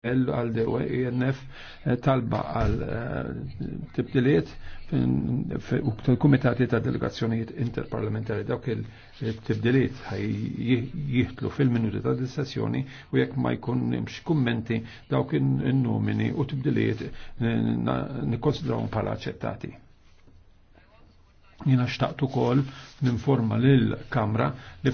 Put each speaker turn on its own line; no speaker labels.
għal INF e e eh, talba għal eh, tibdiliet u tal-kumitati ta' delegazzjonijiet interparlamentari dawk il-tibdiliet ħaj jihtlu fil-minuti ta' dis-sessjoni u jekk ma jkunx kummenti dawk in numini u tibdiliet eh, nikonsidrawum bħala aċċettati. Jina xtaqtu kol n-informa l kamra li